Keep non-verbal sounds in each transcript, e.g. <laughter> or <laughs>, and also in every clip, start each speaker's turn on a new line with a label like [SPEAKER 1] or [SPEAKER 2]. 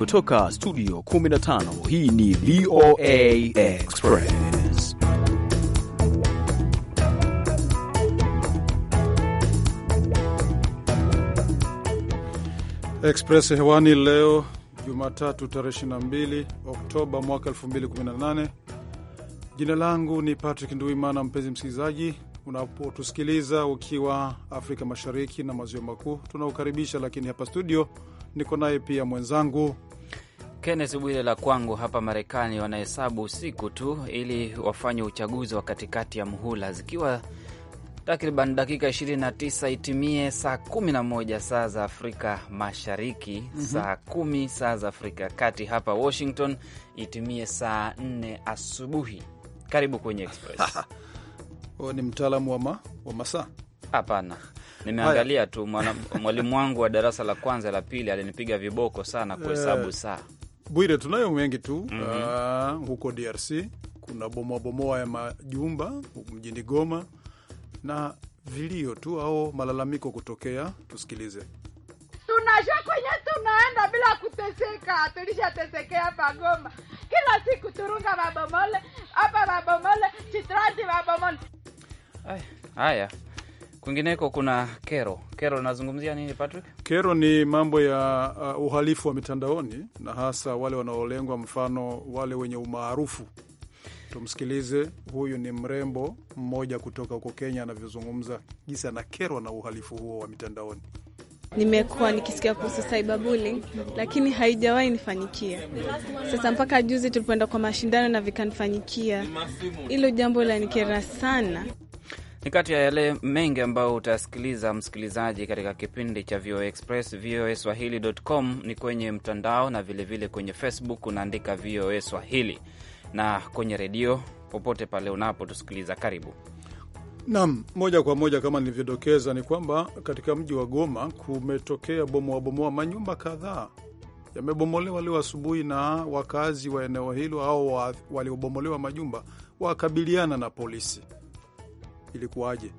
[SPEAKER 1] kutoka studio 15 hii ni VOA Express.
[SPEAKER 2] Express hewani leo Jumatatu tarehe 22 Oktoba mwaka 2018. Jina langu ni Patrick Nduimana. Mpenzi msikilizaji, unapotusikiliza ukiwa Afrika Mashariki na Maziwa Makuu, tunaokaribisha Lakini hapa studio niko naye pia mwenzangu
[SPEAKER 3] Kenneth bwile la kwangu hapa Marekani wanahesabu siku tu ili wafanye uchaguzi wa katikati ya muhula, zikiwa takriban dakika 29 itimie saa 11 saa za Afrika Mashariki, mm -hmm. saa kumi saa za Afrika ya Kati, hapa Washington itimie saa 4 asubuhi. Karibu kwenye Express.
[SPEAKER 2] <laughs> ni mtaalamu wa, ma, wa masaa?
[SPEAKER 3] Hapana, <laughs> nimeangalia tu. Mwalimu wangu wa darasa la kwanza la pili alinipiga viboko sana kuhesabu eh. saa
[SPEAKER 2] Bwire, tunayo mengi tu mm -hmm. uh, huko DRC kuna bomoabomoa ya majumba mjini Goma na vilio tu au malalamiko kutokea. Tusikilize.
[SPEAKER 4] Tunasha kwenye tunaenda bila kuteseka, tulishatesekea hapa Goma, kila siku turunga mabomole hapa, mabomole chitraji, mabomole
[SPEAKER 3] haya Kwingineko kuna kero. Kero linazungumzia nini, Patrick?
[SPEAKER 2] Kero ni mambo ya uh, uhalifu wa mitandaoni na hasa wale wanaolengwa, mfano wale wenye umaarufu. Tumsikilize, huyu ni mrembo mmoja kutoka huko Kenya anavyozungumza jinsi anakerwa na uhalifu huo wa mitandaoni.
[SPEAKER 5] Nimekuwa nikisikia kuhusu cyberbullying lakini haijawahi nifanyikia. Sasa mpaka juzi tulipoenda kwa mashindano na vikanifanyikia. Hilo jambo lanikera sana
[SPEAKER 3] ni kati ya yale mengi ambayo utasikiliza msikilizaji, katika kipindi cha VOA Express. VOA Swahili.com ni kwenye mtandao na vilevile vile kwenye Facebook unaandika VOA Swahili na kwenye redio popote pale unapotusikiliza. Karibu
[SPEAKER 2] nam moja kwa moja. Kama nilivyodokeza, ni kwamba katika mji wa Goma kumetokea bomoabomoa, manyumba kadhaa yamebomolewa leo asubuhi, na wakazi wa eneo hilo au waliobomolewa majumba wakabiliana na polisi ilikuwaje?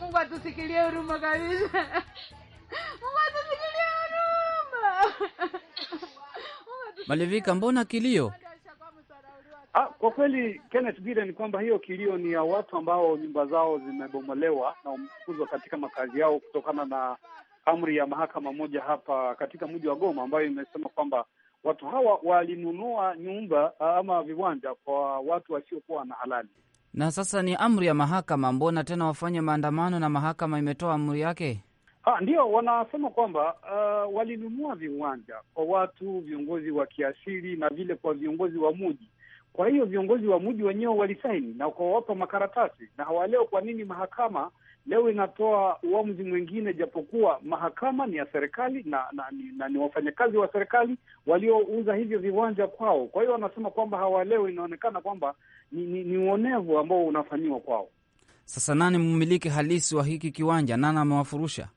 [SPEAKER 6] Mungu atusikilie huruma kabisa. <laughs>
[SPEAKER 5] Mungu atusikilie huruma.
[SPEAKER 3] <laughs> Malivika, mbona kilio?
[SPEAKER 7] Ah, kwa kweli Kenneth Bwire, ni kwamba hiyo kilio ni ya watu ambao nyumba zao zimebomolewa na wamefukuzwa katika makazi yao kutokana na amri ya mahakama moja hapa katika mji wa Goma ambayo imesema kwamba watu hawa walinunua nyumba ah, ama viwanja kwa watu wasiokuwa na halali.
[SPEAKER 3] Na sasa ni amri ya mahakama, mbona tena wafanye maandamano na mahakama imetoa amri yake?
[SPEAKER 7] ndio wanasema kwamba uh, walinunua viwanja kwa watu viongozi wa kiasili na vile kwa viongozi wa muji. Kwa hiyo viongozi wa muji wenyewe walisaini na kuwapa makaratasi, na hawaleo kwa nini mahakama leo inatoa uamuzi mwingine, japokuwa mahakama ni ya serikali na, na, na, na ni wafanyakazi wa serikali waliouza hivyo viwanja kwao. Kwa hiyo wanasema kwamba hawaelewi, inaonekana kwamba ni, ni, ni uonevu ambao unafanyiwa kwao.
[SPEAKER 3] Sasa nani mmiliki halisi wa hiki kiwanja? Nani amewafurusha?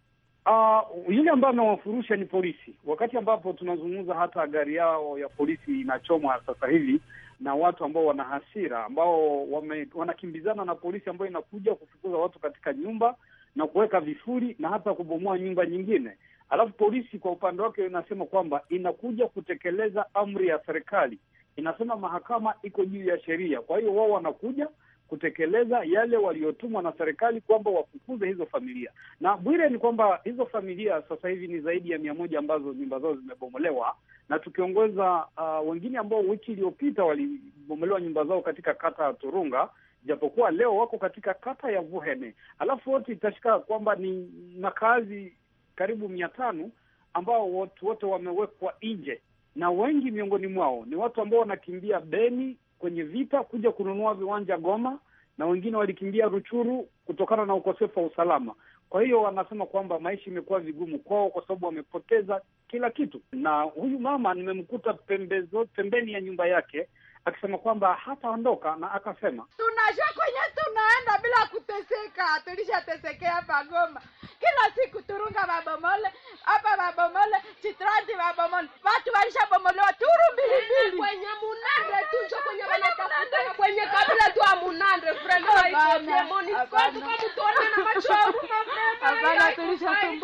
[SPEAKER 7] Uh, yule ambaye amewafurusha ni polisi. Wakati ambapo tunazungumza, hata gari yao ya polisi inachomwa sasa hivi, na watu ambao wana hasira ambao wame, wanakimbizana na polisi ambayo inakuja kufukuza watu katika nyumba na kuweka vifuri na hata kubomoa nyumba nyingine. Alafu polisi kwa upande wake inasema kwamba inakuja kutekeleza amri ya serikali, inasema mahakama iko juu ya sheria. Kwa hiyo wao wanakuja kutekeleza yale waliotumwa na serikali kwamba wafukuze hizo familia. Na Bwire, ni kwamba hizo familia sasa hivi ni zaidi ya mia moja ambazo nyumba zao zimebomolewa, na tukiongeza uh, wengine ambao wiki iliyopita walibomolewa nyumba zao katika kata ya Turunga, japokuwa leo wako katika kata ya Vuhene. Alafu wote itashika kwamba ni makazi karibu mia tano ambao watu wote wamewekwa nje na wengi miongoni mwao ni watu ambao wanakimbia Beni kwenye vita kuja kununua viwanja Goma, na wengine walikimbia Ruchuru kutokana na ukosefu wa usalama. Kwa hiyo wanasema kwamba maisha imekuwa vigumu kwao kwa sababu wamepoteza kila kitu. Na huyu mama nimemkuta pembezo pembeni ya nyumba yake akisema kwamba hataondoka, na akasema tunasha kwenye tunaenda bila kuteseka, tulishatesekea
[SPEAKER 4] hapa Goma, kila siku turunga mabomole hapa mabomole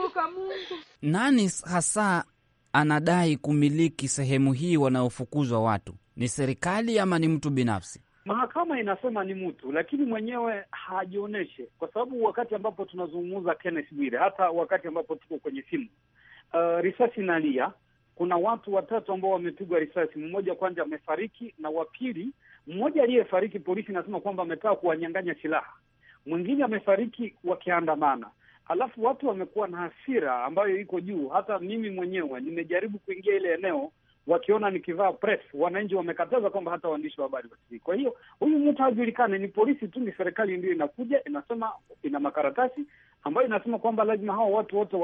[SPEAKER 4] kumkumbuka Mungu.
[SPEAKER 3] Nani hasa anadai kumiliki sehemu hii wanayofukuzwa watu? Ni serikali ama ni mtu binafsi?
[SPEAKER 7] Mahakama inasema ni mtu, lakini mwenyewe hajionyeshe, kwa sababu wakati ambapo tunazungumza Kenneth Bwire, hata wakati ambapo tuko kwenye simu uh, risasi inalia. Kuna watu watatu ambao wamepigwa risasi, mmoja kwanza amefariki, na wa pili, mmoja aliyefariki polisi inasema kwamba ametaka kuwanyang'anya silaha, mwingine amefariki wakiandamana Alafu watu wamekuwa na hasira ambayo iko juu. Hata mimi mwenyewe nimejaribu kuingia ile eneo, wakiona nikivaa press, wananchi wamekataza kwamba hata waandishi wa habari wasifiki. Kwa hiyo huyu mtu hajulikane, ni polisi tu, ni serikali ndio inakuja inasema, ina makaratasi ambayo inasema kwamba lazima hawa watu wote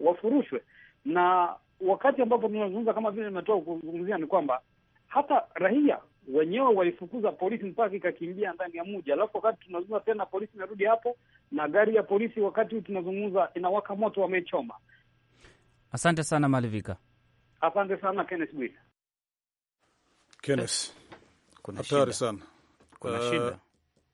[SPEAKER 7] wafurushwe wa, wa, wa na wakati ambapo tunazungumza kama vile nimetoka kuzungumzia ni kwamba hata raia wenyewe walifukuza polisi mpaka ikakimbia ndani ya mji. Alafu wakati tunazungumza tena, polisi inarudi hapo na gari ya polisi, wakati huu tunazungumza, inawaka moto, wamechoma.
[SPEAKER 3] Asante sana Malivika,
[SPEAKER 7] asante sana Kenneth Bwire.
[SPEAKER 2] Kenneth,
[SPEAKER 3] eh, kuna hatari sana,
[SPEAKER 2] kuna shida eh,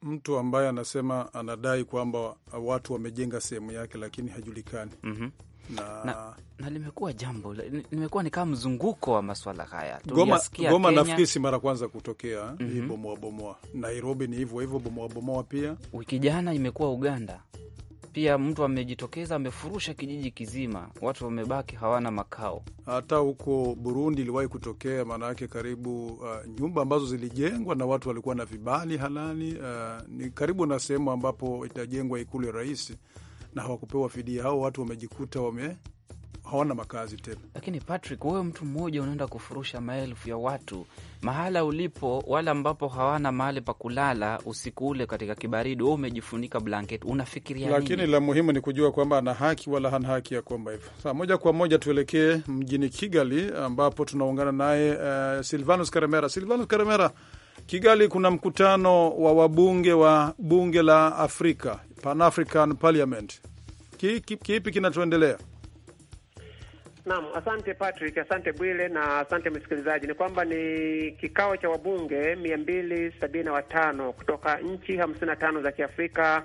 [SPEAKER 2] mtu ambaye anasema anadai kwamba watu wamejenga sehemu yake lakini hajulikani. mm -hmm na, na,
[SPEAKER 3] na limekuwa jambo
[SPEAKER 2] limekuwa ni kama mzunguko wa maswala haya. Goma, Goma nafikiri si mara kwanza kutokea mm -hmm. bomoa bomoa. Nairobi ni hivyo hivyo, bomoa bomoa pia. Wiki jana imekuwa Uganda
[SPEAKER 3] pia, mtu amejitokeza amefurusha kijiji kizima, watu wamebaki hawana makao.
[SPEAKER 2] Hata huko Burundi iliwahi kutokea, maana karibu uh, nyumba ambazo zilijengwa na watu walikuwa na vibali halali uh, ni karibu na sehemu ambapo itajengwa ikulu ya rais na hawakupewa fidia. Hao watu wamejikuta wame hawana makazi tena. Lakini Patrick, wewe mtu mmoja unaenda kufurusha maelfu ya watu mahala ulipo,
[SPEAKER 3] wala ambapo hawana mahali pa kulala usiku ule katika kibaridi, wewe umejifunika blanket,
[SPEAKER 2] unafikiria nini? la muhimu ni kujua kwamba ana haki wala hana haki ya kuomba hivyo. Sasa moja kwa moja tuelekee mjini Kigali ambapo tunaungana naye uh, Silvanus Karemera. Silvanus Karemera, Kigali kuna mkutano wa wabunge wa bunge la Afrika, Pan African Parliament. Kipi ki, ki kinachoendelea?
[SPEAKER 8] Naam, asante Patrick, asante Bwile na asante msikilizaji. Ni kwamba ni kikao cha wabunge mia mbili sabini na watano kutoka nchi hamsini na tano za Kiafrika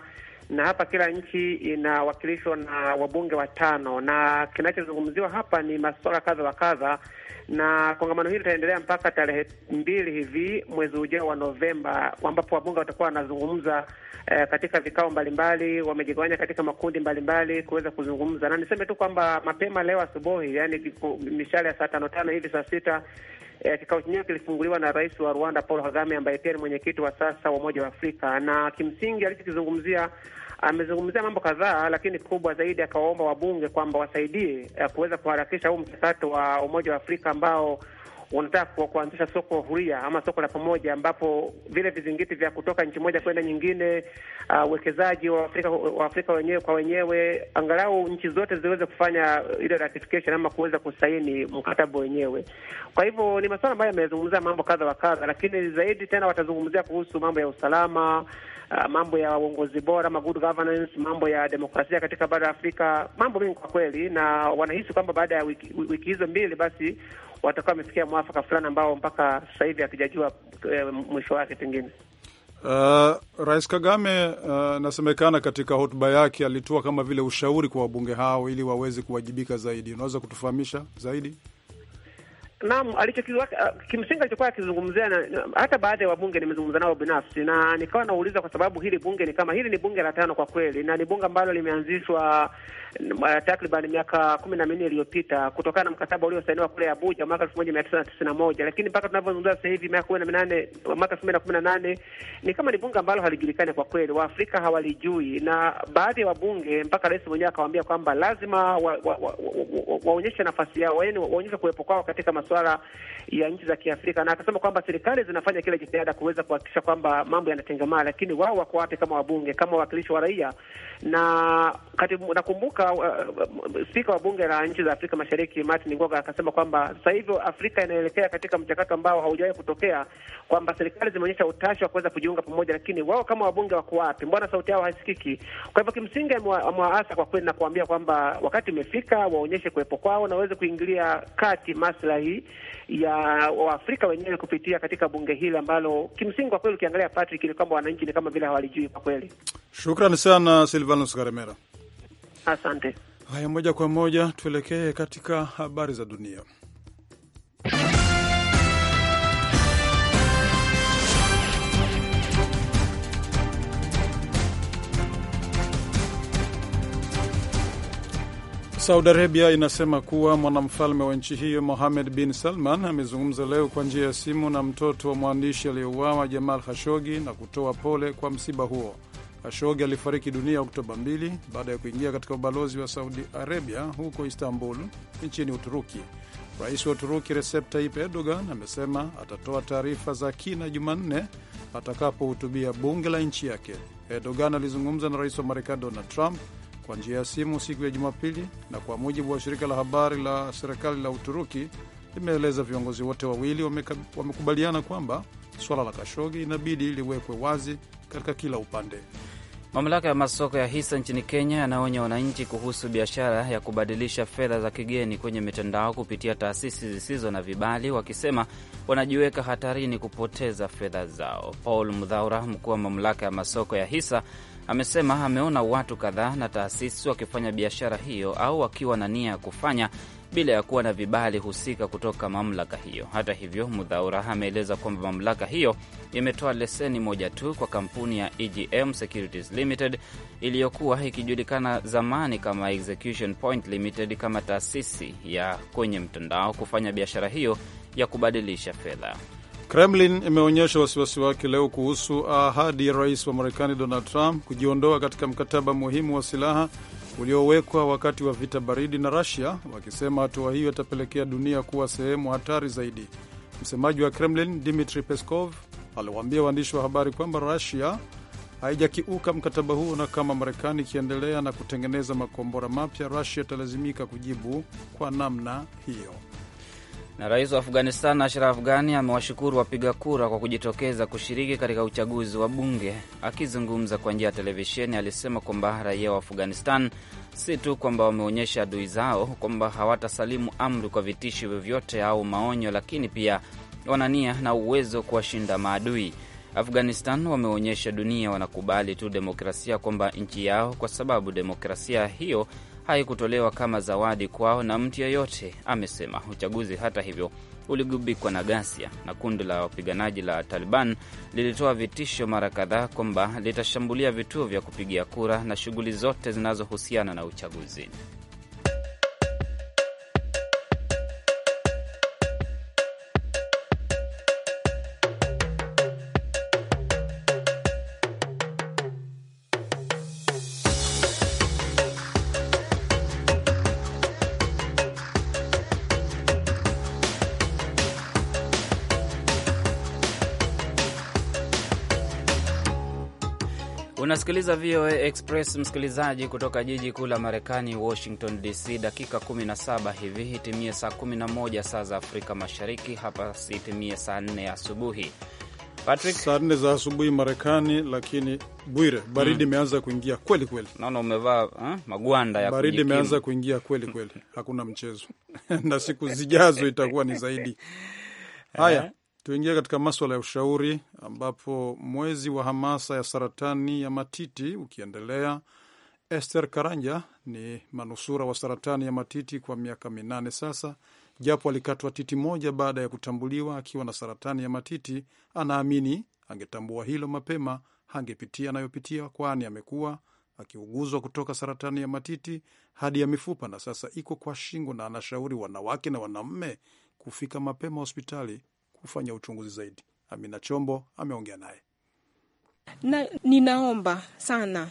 [SPEAKER 8] na hapa kila nchi inawakilishwa na wabunge watano, na kinachozungumziwa hapa ni masuala kadha wa kadha, na kongamano hili litaendelea mpaka tarehe mbili hivi mwezi ujao wa Novemba, ambapo wabunge watakuwa wanazungumza eh, katika vikao mbalimbali, wamejigawanya katika makundi mbalimbali kuweza kuzungumza. Na niseme tu kwamba mapema leo asubuhi, yani mishale ya saa tano tano hivi saa sita eh, kikao chenyewe kilifunguliwa na rais wa Rwanda Paul Kagame ambaye pia ni mwenyekiti wa sasa wa Umoja wa Afrika, na kimsingi alichokizungumzia amezungumzia mambo kadhaa, lakini kubwa zaidi akawaomba wabunge kwamba wasaidie eh, kuweza kuharakisha huu mchakato wa Umoja wa Afrika ambao unataka kuanzisha soko huria ama soko la pamoja, ambapo vile vizingiti vya kutoka nchi moja kwenda nyingine, uh, uwekezaji uh, wa Afrika wa Afrika wenyewe kwa wenyewe, angalau nchi zote ziweze kufanya uh, ile ratification ama kuweza kusaini mkataba wenyewe. Kwa hivyo ni masuala ambayo yamezungumzia mambo kadha wa kadha, lakini zaidi tena watazungumzia kuhusu mambo ya usalama Ah, mambo ya uongozi bora, ma good governance, mambo ya demokrasia katika bara la Afrika, mambo mengi kwa kweli, na wanahisi kwamba baada ya wiki, wiki hizo mbili basi watakuwa wamefikia mwafaka fulani ambao mpaka sasa hivi hatujajua e, mwisho wake pengine.
[SPEAKER 2] Uh, Rais Kagame anasemekana uh, nasemekana katika hotuba yake alitoa kama vile ushauri kwa wabunge hao ili waweze kuwajibika zaidi. Unaweza kutufahamisha zaidi?
[SPEAKER 8] Naam, alichokiwa uh, kimsingi alichokuwa akizungumzia hata baadhi ya wabunge nimezungumza nao binafsi, na nikawa nauliza, kwa sababu hili bunge ni kama hili ni bunge la tano kwa kweli, na ni bunge ambalo limeanzishwa uh, takriban miaka kumi na minne iliyopita kutokana na mkataba uliosainiwa kule Abuja mwaka elfu moja mia tisa na tisini na moja lakini mpaka tunavyozungumza sasa hivi miaka kumi na minane mwaka elfu mbili na kumi na nane ni kama ni bunge ambalo halijulikani kwa kweli, Waafrika hawalijui, na baadhi ya wabunge mpaka rais mwenyewe akawaambia kwamba lazima waonyeshe wa, wa, wa, wa, wa nafasi yao, yaani waonyeshe kuwepo kwao katika masu masuala ya nchi za Kiafrika, na akasema kwamba serikali zinafanya kila jitihada kuweza kuhakikisha kwamba mambo yanatengamana, lakini wao wako wapi kama wabunge, kama wawakilishi wa raia? Na katibu, nakumbuka uh, spika wa bunge la nchi za Afrika Mashariki Martin Ngoga akasema kwamba sasa hivi Afrika inaelekea katika mchakato ambao haujawahi kutokea, kwamba serikali zimeonyesha utashi wa kuweza kujiunga pamoja, lakini wao kama wabunge wako wapi? Mbona sauti yao haisikiki? Kwa hivyo kimsingi amewaasa kwa kweli na kuambia kwamba wakati imefika waonyeshe kuwepo kwao na waweze kuingilia kati maslahi ya Waafrika wenyewe kupitia katika bunge hili ambalo kimsingi kwa kweli ukiangalia Patrick, ni kwamba wananchi ni kama vile hawalijui kwa kweli.
[SPEAKER 2] Shukrani sana Silvanus Karemera, asante. Haya, moja kwa moja tuelekee katika habari za dunia. Saudi Arabia inasema kuwa mwanamfalme wa nchi hiyo Mohamed bin Salman amezungumza leo kwa njia ya simu na mtoto wa mwandishi aliyeuawa Jamal Khashoggi na kutoa pole kwa msiba huo. Khashoggi alifariki dunia Oktoba 2 baada ya kuingia katika ubalozi wa Saudi Arabia huko Istanbul nchini Uturuki. Rais wa Uturuki Recep Tayyip Erdogan amesema atatoa taarifa za kina Jumanne atakapohutubia bunge la nchi yake. Erdogan alizungumza na rais wa Marekani Donald Trump kwa njia ya simu siku ya Jumapili, na kwa mujibu wa shirika la habari la serikali la Uturuki limeeleza viongozi wote wawili wamekubaliana kwamba suala la Kashogi inabidi liwekwe wazi katika kila upande. Mamlaka ya masoko ya hisa
[SPEAKER 3] nchini Kenya yanaonya wananchi kuhusu biashara ya kubadilisha fedha za kigeni kwenye mitandao kupitia taasisi zisizo na vibali, wakisema wanajiweka hatarini kupoteza fedha zao. Paul Mudhaura, mkuu wa mamlaka ya masoko ya hisa amesema ameona watu kadhaa na taasisi wakifanya biashara hiyo au wakiwa na nia ya kufanya bila ya kuwa na vibali husika kutoka mamlaka hiyo. Hata hivyo, Mudhaura ameeleza kwamba mamlaka hiyo imetoa leseni moja tu kwa kampuni ya EGM Securities Limited iliyokuwa ikijulikana zamani kama Execution Point Limited kama taasisi ya kwenye mtandao kufanya biashara hiyo ya kubadilisha fedha.
[SPEAKER 2] Kremlin imeonyesha wasiwasi wake leo kuhusu ahadi ya rais wa Marekani Donald Trump kujiondoa katika mkataba muhimu wa silaha uliowekwa wakati wa vita baridi na Rusia, wakisema hatua hiyo itapelekea dunia kuwa sehemu hatari zaidi. Msemaji wa Kremlin Dmitri Peskov aliwaambia waandishi wa habari kwamba Rusia haijakiuka mkataba huo, na kama Marekani ikiendelea na kutengeneza makombora mapya, Rusia italazimika kujibu kwa namna
[SPEAKER 3] hiyo. Na rais wa Afghanistan Ashraf Ghani amewashukuru wapiga kura kwa kujitokeza kushiriki katika uchaguzi wa bunge. Akizungumza kwa njia ya televisheni, alisema kwamba raia wa Afghanistan si tu kwamba wameonyesha adui zao kwamba hawatasalimu amri kwa vitisho vyovyote au maonyo, lakini pia wana nia na uwezo kuwashinda maadui. Afghanistan wameonyesha dunia wanakubali tu demokrasia kwamba nchi yao, kwa sababu demokrasia hiyo haikutolewa kama zawadi kwao na mtu yeyote, amesema. Uchaguzi hata hivyo uligubikwa na ghasia na kundi la wapiganaji la Taliban lilitoa vitisho mara kadhaa kwamba litashambulia vituo vya kupigia kura na shughuli zote zinazohusiana na uchaguzi. Unasikiliza VOA Express, msikilizaji, kutoka jiji kuu la Marekani, Washington DC. Dakika 17 hivi hitimie saa 11 saa za Afrika Mashariki, hapa sihitimie saa 4 asubuhi
[SPEAKER 2] Patrick, saa nne za asubuhi Marekani. Lakini Bwire, baridi hmm. imeanza mm, kuingia kweli kweli. Naona umevaa eh, magwanda ya baridi, imeanza kuingia kweli kweli, hakuna mchezo <laughs> na siku zijazo itakuwa ni zaidi eh, haya Tuingie katika maswala ya ushauri, ambapo mwezi wa hamasa ya saratani ya matiti ukiendelea, Esther Karanja ni manusura wa saratani ya matiti kwa miaka minane sasa. Japo alikatwa titi moja baada ya kutambuliwa akiwa na saratani ya matiti, anaamini angetambua hilo mapema hangepitia anayopitia, kwani amekuwa akiuguzwa kutoka saratani ya matiti hadi ya mifupa na sasa iko kwa shingo, na anashauri wanawake na wanaume kufika mapema hospitali kufanya uchunguzi zaidi. Amina Chombo ameongea naye.
[SPEAKER 4] Na ninaomba sana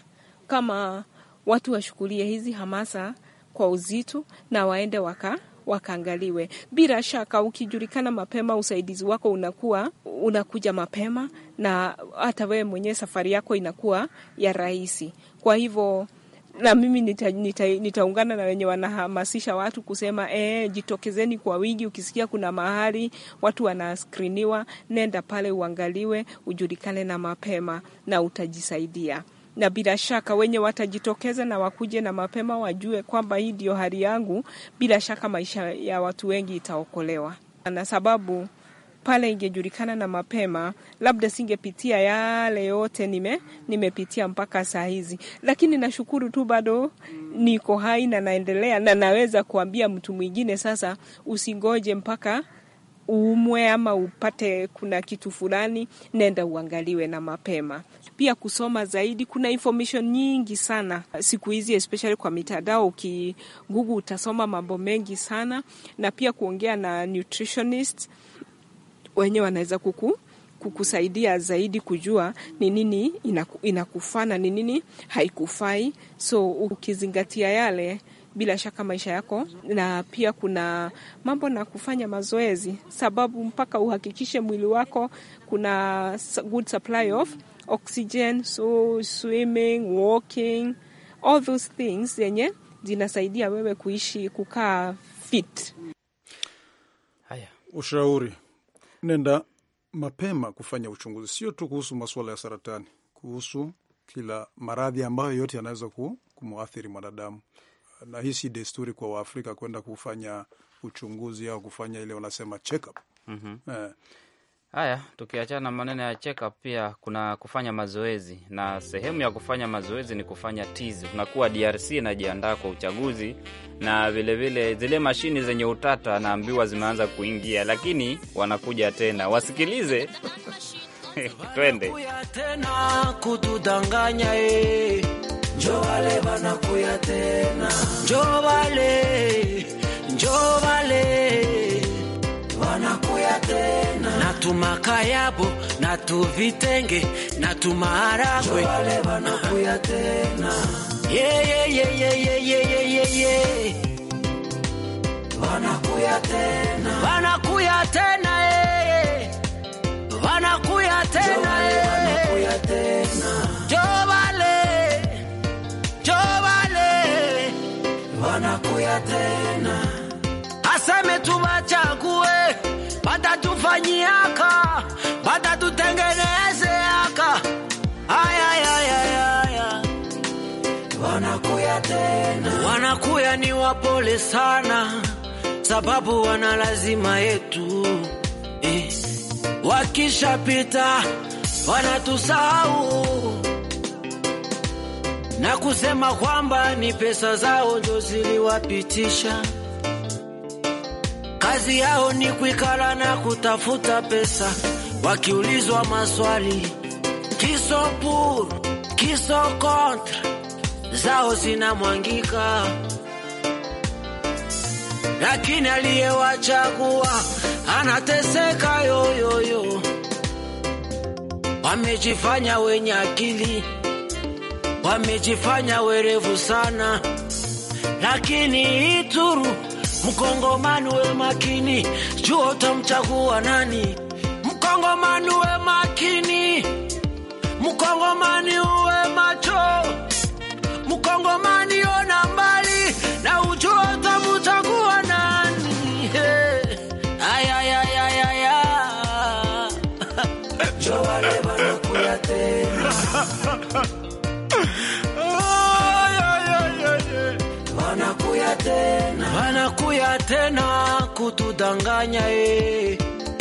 [SPEAKER 4] kama watu washukulie hizi hamasa kwa uzito na waende waka wakaangaliwe. Bila shaka, ukijulikana mapema, usaidizi wako unakuwa unakuja mapema, na hata wewe mwenyewe safari yako inakuwa ya rahisi. Kwa hivyo na mimi nitaungana nita, nita na wenye wanahamasisha watu kusema e, jitokezeni kwa wingi. Ukisikia kuna mahali watu wanaskriniwa, nenda pale uangaliwe, ujulikane na mapema na utajisaidia na bila shaka wenye watajitokeza na wakuje na mapema wajue kwamba hii ndio hali yangu, bila shaka maisha ya watu wengi itaokolewa, na sababu pale ingejulikana na mapema, labda singepitia yale yote nime nimepitia mpaka saa hizi. Lakini nashukuru tu, bado niko hai na naendelea, na naweza kuambia mtu mwingine sasa, usingoje mpaka uumwe ama upate kuna kitu fulani, nenda uangaliwe na mapema. Pia kusoma zaidi, kuna information nyingi sana siku hizi, especially kwa mitandao. Ukigugu utasoma mambo mengi sana, na pia kuongea na nutritionist wenyewe wanaweza kuku kukusaidia zaidi kujua ni nini inakufana ni nini haikufai. So ukizingatia yale, bila shaka maisha yako, na pia kuna mambo na kufanya mazoezi, sababu mpaka uhakikishe mwili wako kuna good supply of oxygen, so swimming, walking, all those things zenye zinasaidia wewe kuishi kukaa fit.
[SPEAKER 2] Haya, ushauri nenda mapema kufanya uchunguzi, sio tu kuhusu masuala ya saratani, kuhusu kila maradhi ambayo yote yanaweza kumwathiri mwanadamu. Na hii si desturi kwa Waafrika kwenda kufanya uchunguzi au kufanya ile wanasema check up. mm -hmm. eh,
[SPEAKER 3] Haya, tukiachana maneno ya check up, pia kuna kufanya mazoezi, na sehemu ya kufanya mazoezi ni kufanya tizi. unakuwa DRC inajiandaa kwa uchaguzi, na vilevile zile mashini zenye utata naambiwa zimeanza kuingia, lakini wanakuja tena, wasikilize <laughs> twende
[SPEAKER 6] kutudanganya eh. njo wale, njo wale na tumakayabo na tuvitenge na tumaharagwe wanakuya tena wanakuya tena eh. eh. tunakufanyiaka, batatutengenezeaka wanakuya tena, wanakuya ni wapole sana, sababu wana lazima yetu eh. Wakishapita wanatusahau na kusema kwamba ni pesa zao ndio ziliwapitisha kazi yao ni kuikala na kutafuta pesa, wakiulizwa maswali pur kiso kontra zao zinamwangika, lakini aliyewachagua anateseka yoyoyo. Wamejifanya wenye akili, wamejifanya werevu sana, lakini ituru Mkongomani we makini, jua utamchagua nani. Mkongomani we makini, Mkongomani uwe wanakuya tena kutudanganya eh.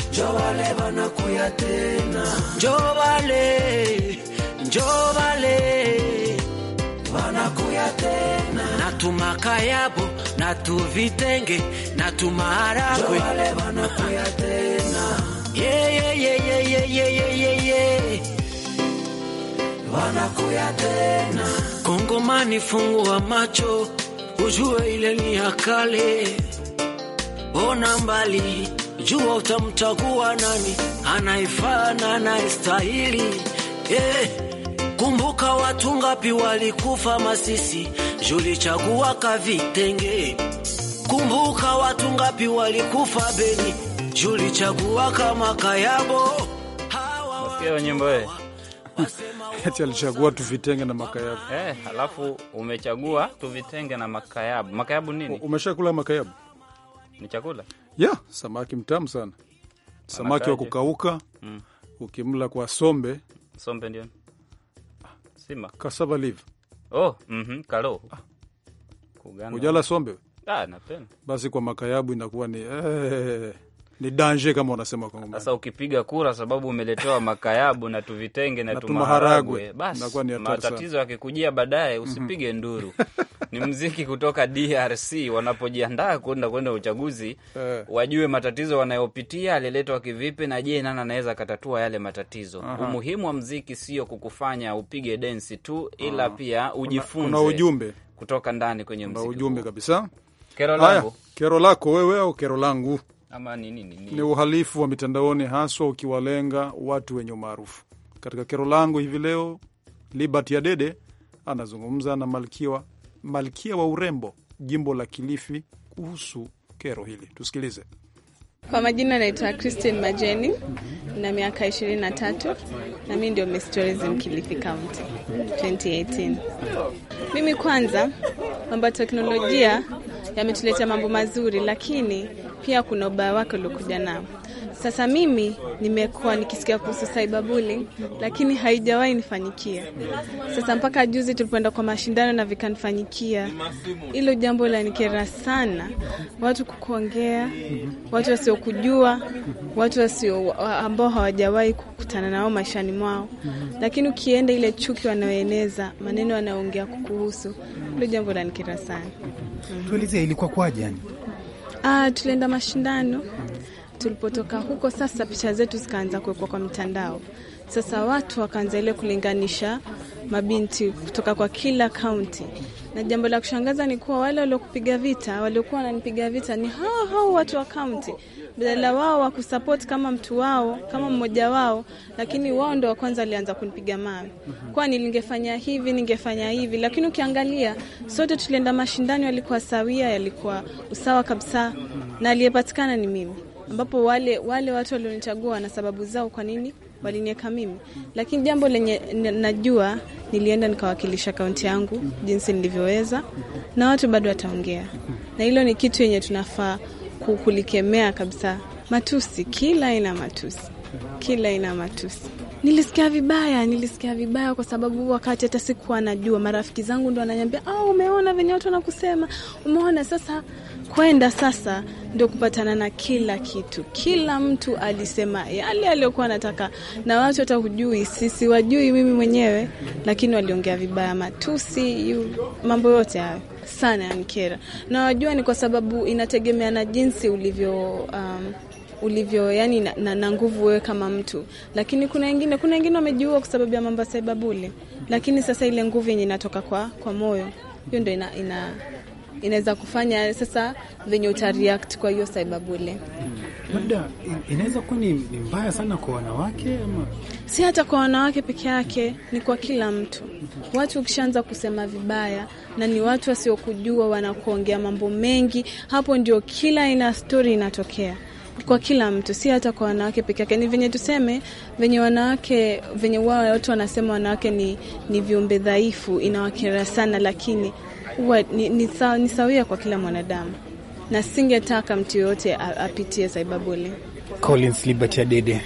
[SPEAKER 6] Njo wale wanakuya tena. Njo wale, njo wale tena. Na tumakayabo, na tuvitenge, na tumaharagwe. Njo wale wanakuya tena. Yeah, yeah, yeah, yeah, yeah, yeah, yeah, yeah. Wanakuya tena. Kongomani, fungua macho ujue ile ni akale. Ona mbali, jua utamchagua nani anayefaa na anayestahili. Eh, kumbuka watu ngapi walikufa Masisi, julichagua kavitenge. Kumbuka watu ngapi walikufa Beni, julichagua kama kayabo.
[SPEAKER 2] Hawa alichagua tuvitenge na makayabu
[SPEAKER 6] eh, alafu
[SPEAKER 3] umechagua tuvitenge na makayabu. Makayabu nini?
[SPEAKER 2] Umeshakula makayabu? Ni chakula ya yeah, samaki mtamu sana, samaki wa kukauka mm. Ukimla kwa sombe, sombe ndio sima cassava leaf.
[SPEAKER 3] Oh, mhm, karo ujala sombe ah, napenda
[SPEAKER 2] basi. Kwa makayabu inakuwa ni eh ni danger kama unasema Kongo.
[SPEAKER 3] Sasa ukipiga kura sababu umeletewa <laughs> makayabu na tuvitenge na na tumaharagwe, basi matatizo yakikujia baadaye usipige mm -hmm. nduru. <laughs> Ni mziki kutoka DRC wanapojiandaa kwenda kwenda uchaguzi eh, wajue matatizo wanayopitia aliletwa kivipi, na je, nani anaweza akatatua yale matatizo? uh -huh. Umuhimu wa mziki sio kukufanya upige densi tu, ila uh -huh. pia ujifunze. Kuna ujumbe kutoka ndani kwenye mziki, ujumbe kabisa. Kero langu, kero
[SPEAKER 2] lako wewe au kero langu? ama nini, nini? Ni uhalifu wa mitandaoni haswa ukiwalenga watu wenye umaarufu. Katika kero langu hivi leo, Liberty Adede anazungumza na malkia, malkia wa urembo jimbo la Kilifi kuhusu kero hili, tusikilize.
[SPEAKER 5] Kwa majina anaitwa Christine Majeni na miaka 23 na mimi ndio Miss Tourism Kilifi County 2018. Mimi kwanza, mambo ya teknolojia yametuletea mambo mazuri, lakini pia kuna ubaya wake uliokuja nao. Sasa mimi nimekuwa nikisikia kuhusu cyber lakini haijawahi nifanyikia. Sasa mpaka juzi tulipoenda kwa mashindano na vikanifanyikia. Hilo jambo lanikera sana, watu kukuongea, watu wasiokujua, watu wasio ambao hawajawahi kukutana nao maishani mwao, lakini ukienda ile chuki wanaoeneza, maneno wanaongea kukuhusu, hilo jambo lanikera sana.
[SPEAKER 2] Tuelezee ilikuwa kwaje yani?
[SPEAKER 5] Ah, tulienda mashindano. Tulipotoka huko sasa, picha zetu zikaanza kuwekwa kwa mtandao Sasa watu wakaanza ile kulinganisha mabinti kutoka kwa kila kaunti, na jambo la kushangaza ni kuwa wale waliokupiga vita, waliokuwa wananipiga vita ni hao hao watu wa kaunti badala wao wa kusupport kama mtu wao kama mmoja wao, lakini wao ndo wa kwanza walianza kunipiga mawe mhm. kwa nilingefanya hivi ningefanya hivi. Lakini ukiangalia sote tulienda mashindano, yalikuwa sawia, yalikuwa usawa kabisa, mhm. na aliyepatikana ni mimi, ambapo wale, wale watu walionichagua na sababu zao kwa nini waliniweka mimi. Lakini jambo lenye najua nilienda nikawakilisha kaunti yangu mhm. jinsi nilivyoweza, na watu bado wataongea, na hilo ni kitu yenye tunafaa kulikemea kabisa. Matusi, kila aina matusi, kila aina matusi. Nilisikia vibaya, nilisikia vibaya kwa sababu wakati hata sikuwa najua, marafiki zangu ndo wananiambia, ah, umeona venye watu wanakusema, umeona sasa kwenda sasa ndio kupatana na kila kitu. Kila mtu alisema eh, yale aliyokuwa anataka, na watu hata hujui sisi wajui, mimi mwenyewe, lakini waliongea vibaya, matusi yu, mambo yote hayo sana yanikera, na wajua ni kwa sababu inategemea na jinsi ulivyo um, ulivyo yani na, na nguvu wewe kama mtu, lakini kuna wengine kuna wengine wamejiua kwa sababu ya mambo ya saibabule, lakini sasa ile nguvu yenye inatoka kwa, kwa moyo hiyo ndo ina, ina inaweza kufanya sasa venye utareact kwa hiyo cyberbullying. Hmm.
[SPEAKER 7] Labda inaweza kuwa ni mbaya sana kwa wanawake
[SPEAKER 5] ama si hata kwa wanawake peke yake, ni kwa kila mtu. Watu ukishaanza kusema vibaya na ni watu wasiokujua, wanakuongea mambo mengi, hapo ndio kila aina stori inatokea kwa kila mtu, si hata kwa wanawake peke yake. Ni venye tuseme venye wanawake venye wao watu wanasema wanawake ni, ni viumbe dhaifu, inawakera sana, lakini huwa ni, ni, saw, ni sawia kwa kila mwanadamu na singetaka mtu yoyote apitie cyberbullying.
[SPEAKER 7] Collins Liberty Adede,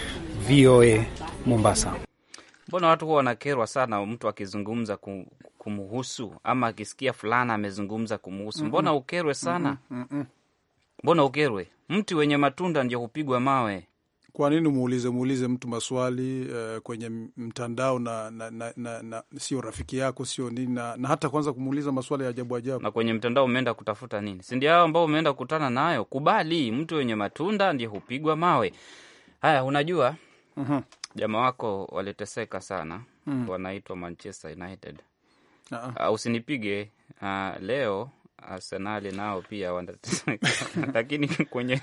[SPEAKER 7] VOA Mombasa.
[SPEAKER 3] Mbona watu huwa wanakerwa sana mtu akizungumza kumhusu ama akisikia fulana amezungumza kumhusu? -mm. Mbona ukerwe sana? -mm. Mbona ukerwe? Mti wenye matunda ndio hupigwa mawe.
[SPEAKER 2] Kwa nini muulize muulize mtu maswali uh, kwenye mtandao na, na, na, na, na sio rafiki yako sio nini na, na hata kwanza kumuuliza maswali ya ajabu ajabu.
[SPEAKER 3] Na kwenye mtandao umeenda kutafuta nini? sindio hao ambao umeenda kukutana nayo? Kubali, mtu wenye matunda ndiye hupigwa mawe. Haya, unajua uh mhm. -huh. Jamaa wako waliteseka sana uh mhm. -huh. Wanaitwa Manchester United uh -huh. Uh, usinipige uh, leo Arsenali nao pia wanateseka <laughs> lakini kwenye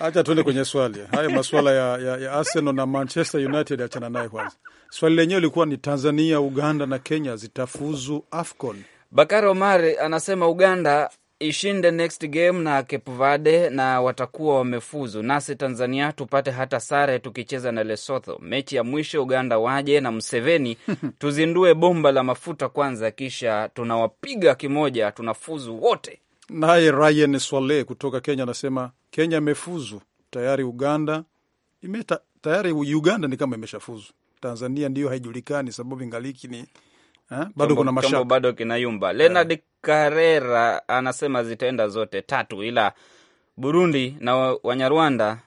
[SPEAKER 2] Acha tuende kwenye swali hayo maswala ya, ya, ya Arsenal na Manchester United, achana naye kwanza. Swali lenyewe ilikuwa ni Tanzania, Uganda na Kenya zitafuzu AFCON. Bakari Omar
[SPEAKER 3] anasema Uganda ishinde next game na Cape Verde na watakuwa wamefuzu, nasi Tanzania tupate hata sare tukicheza na Lesotho. Mechi ya mwisho Uganda waje na Mseveni <laughs> tuzindue bomba la mafuta kwanza, kisha tunawapiga kimoja, tunafuzu wote.
[SPEAKER 2] Naye Ryan Swale kutoka Kenya anasema Kenya imefuzu tayari, Uganda imeta, tayari Uganda ni kama imeshafuzu. Tanzania ndiyo haijulikani, sababu ingaliki ni Ha? bado kuna mashaka,
[SPEAKER 3] bado kinayumba. Eh. Leonard yeah. Karera anasema zitaenda zote tatu, ila Burundi na Wanyarwanda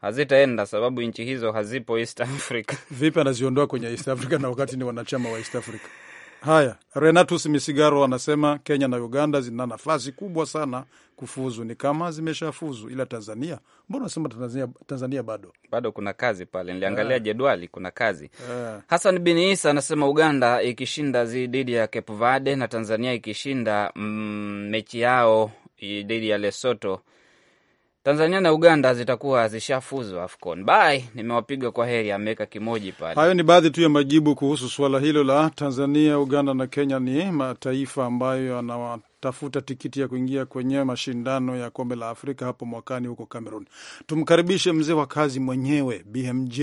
[SPEAKER 3] hazitaenda sababu nchi hizo hazipo East Africa.
[SPEAKER 2] Vipi anaziondoa kwenye East Africa na wakati ni wanachama wa East Africa? Haya, Renatus Misigaro anasema Kenya na Uganda zina nafasi kubwa sana kufuzu, ni kama zimeshafuzu, ila Tanzania, mbona nasema Tanzania, Tanzania bado
[SPEAKER 3] bado kuna kazi pale. Niliangalia eh. jedwali, kuna kazi
[SPEAKER 2] yeah.
[SPEAKER 3] bin Isa anasema Uganda ikishinda dhidi ya Cape Verde na Tanzania ikishinda mm, mechi yao dhidi ya Lesotho Tanzania na Uganda zitakuwa zishafuzwa AFCON. Bye, nimewapiga kwa heri, ameweka kimoji pale. Hayo ni baadhi
[SPEAKER 2] tu ya majibu kuhusu suala hilo la Tanzania, Uganda na Kenya. Ni mataifa ambayo yanatafuta tikiti ya kuingia kwenye mashindano ya kombe la Afrika hapo mwakani huko Cameroon. Tumkaribishe mzee wa kazi mwenyewe BMJ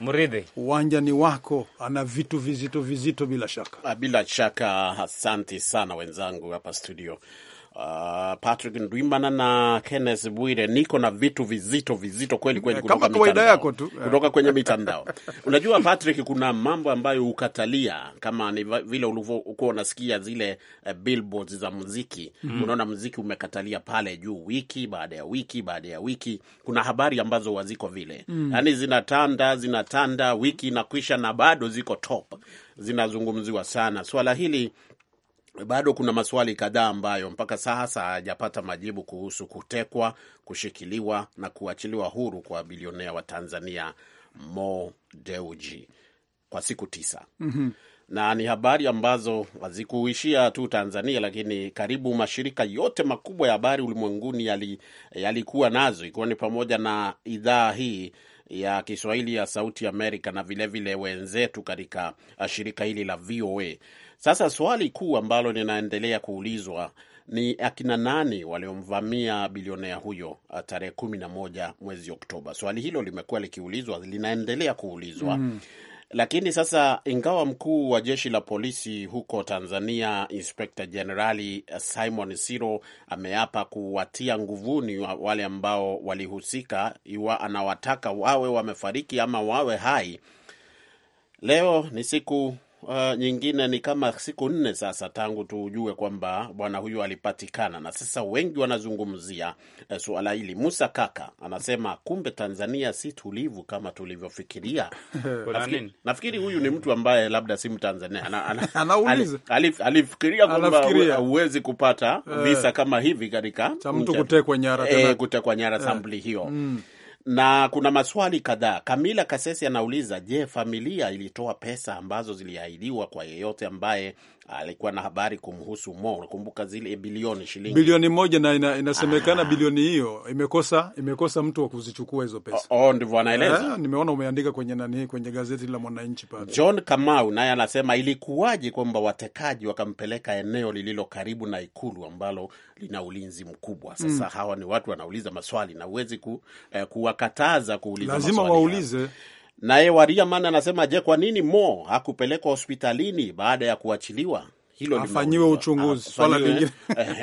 [SPEAKER 2] Mridhi, uwanja ni wako. Ana vitu vizito vizito bila shaka,
[SPEAKER 1] ah, bila shaka. Asante sana wenzangu hapa studio. Uh, Patrick Ndwimana na Kenneth Bwire, niko na vitu vizito vizito kweli kweli eh, kutoka yako tu kutoka eh. kwenye mitandao <laughs> unajua Patrick, kuna mambo ambayo ukatalia kama ni vile ulivyokuwa unasikia zile uh, billboards za muziki mm -hmm. Unaona muziki umekatalia pale juu wiki baada ya wiki baada ya wiki, kuna habari ambazo waziko vile mm -hmm. Yani zinatanda zinatanda, wiki inakwisha na bado ziko top zinazungumziwa sana swala hili bado kuna maswali kadhaa ambayo mpaka sasa hayajapata majibu kuhusu kutekwa, kushikiliwa na kuachiliwa huru kwa bilionea wa Tanzania Mo Dewji kwa siku tisa. mm -hmm. Na ni habari ambazo hazikuishia tu Tanzania, lakini karibu mashirika yote makubwa ya habari ulimwenguni yalikuwa yali nazo, ikiwa ni pamoja na idhaa hii ya Kiswahili ya Sauti Amerika na vilevile vile wenzetu katika uh, shirika hili la VOA sasa swali kuu ambalo linaendelea kuulizwa ni akina nani waliomvamia bilionea huyo uh, tarehe kumi na moja mwezi Oktoba. Swali hilo limekuwa likiulizwa, linaendelea kuulizwa mm. Lakini sasa, ingawa mkuu wa jeshi la polisi huko Tanzania, Inspekta Jenerali uh, Simon Siro ameapa kuwatia nguvuni wale ambao walihusika, iwa anawataka wawe wamefariki ama wawe hai. Leo ni siku uh, nyingine ni kama siku nne sasa tangu tujue kwamba bwana huyu alipatikana, na sasa wengi wanazungumzia uh, suala hili. Musa Kaka anasema kumbe Tanzania si tulivu kama tulivyofikiria.
[SPEAKER 2] <laughs> Nafikiri,
[SPEAKER 1] nafikiri huyu ni mtu ambaye labda si Mtanzania ana, ana, <laughs> alif, alifikiria kwamba huwezi kupata eh. visa kama hivi katika kutekwa nyara, e, kutekwa nyara sampli hiyo mm na kuna maswali kadhaa. Kamila Kasesi anauliza, je, familia ilitoa pesa ambazo ziliahidiwa kwa yeyote ambaye alikuwa na habari kumhusu Mo. Unakumbuka zile bilioni shilingi bilioni moja na ina, inasemekana ah. bilioni
[SPEAKER 2] hiyo imekosa imekosa mtu wa kuzichukua hizo pesa. Oh, ndivyo anaeleza. Eh, nimeona umeandika kwenye nani, kwenye gazeti la Mwananchi
[SPEAKER 1] pale. John Kamau naye anasema ilikuwaje kwamba watekaji wakampeleka eneo lililo karibu na ikulu ambalo lina ulinzi mkubwa. Sasa mm, hawa ni watu wanauliza maswali na huwezi ku, eh, kuwakataza kuuliza, lazima waulize. Naye Wariaman anasema je, kwa nini Mo hakupelekwa hospitalini baada ya kuachiliwa? hilo afanyiwe
[SPEAKER 2] uchunguzi. Ah, swala lingine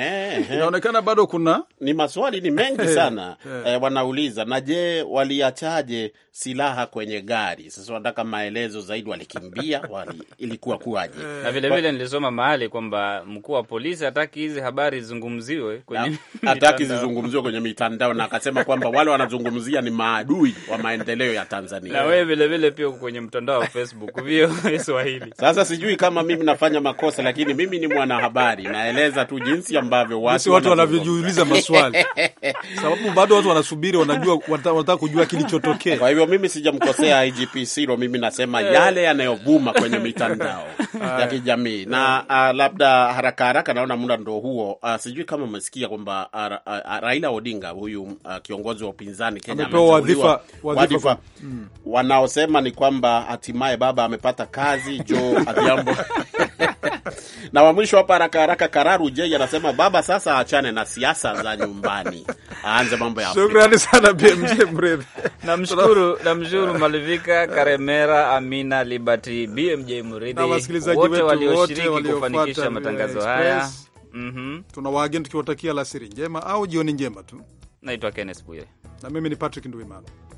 [SPEAKER 1] <laughs> inaonekana bado kuna ni maswali ni mengi sana e, wanauliza na je, waliachaje silaha kwenye gari? Sasa wanataka maelezo zaidi, walikimbia <laughs> wali, ilikuwa kuwaje? Eh. na vilevile nilisoma mahali kwamba mkuu wa polisi hataki hizi habari zizungumziwe kwenye <laughs> hataki zizungumziwe kwenye mitandao, na akasema kwamba wale wanazungumzia ni maadui wa maendeleo ya Tanzania. Na wewe
[SPEAKER 3] vilevile pia kwenye mtandao wa Facebook
[SPEAKER 1] vio Swahili. Sasa sijui kama mimi nafanya makosa lakini lakini mimi ni mwanahabari, naeleza tu jinsi ambavyo watu watu wanavyojiuliza maswali, <laughs> sababu bado watu wanasubiri, wanajua, wanataka kujua kilichotokea. Kwa hivyo mimi sijamkosea IGP Siro, mimi nasema yale yanayovuma kwenye mitandao ya kijamii na uh, labda haraka haraka, naona muda ndo huo. Uh, sijui kama umesikia kwamba uh, uh, Raila Odinga huyu uh, kiongozi wa upinzani Kenya amepewa wadhifa, wadhifa wanaosema ni kwamba hatimaye baba amepata kazi. <laughs> Jo Adhiambo na wa mwisho hapa haraka haraka, Kararu J anasema baba sasa achane na siasa za nyumbani, aanze mambo ya
[SPEAKER 2] Shukrani sana BMJ Mridhi.
[SPEAKER 1] Namshukuru namshukuru Malivika Karemera, Amina
[SPEAKER 3] Liberty, BMJ Mridhi, wote walioshiriki kufanikisha matangazo haya.
[SPEAKER 2] Mm -hmm. Tuna waageni tukiwatakia lasiri njema au jioni njema tu.
[SPEAKER 3] Naitwa Kenneth Bwire
[SPEAKER 2] na mimi ni Patrick Nduimana.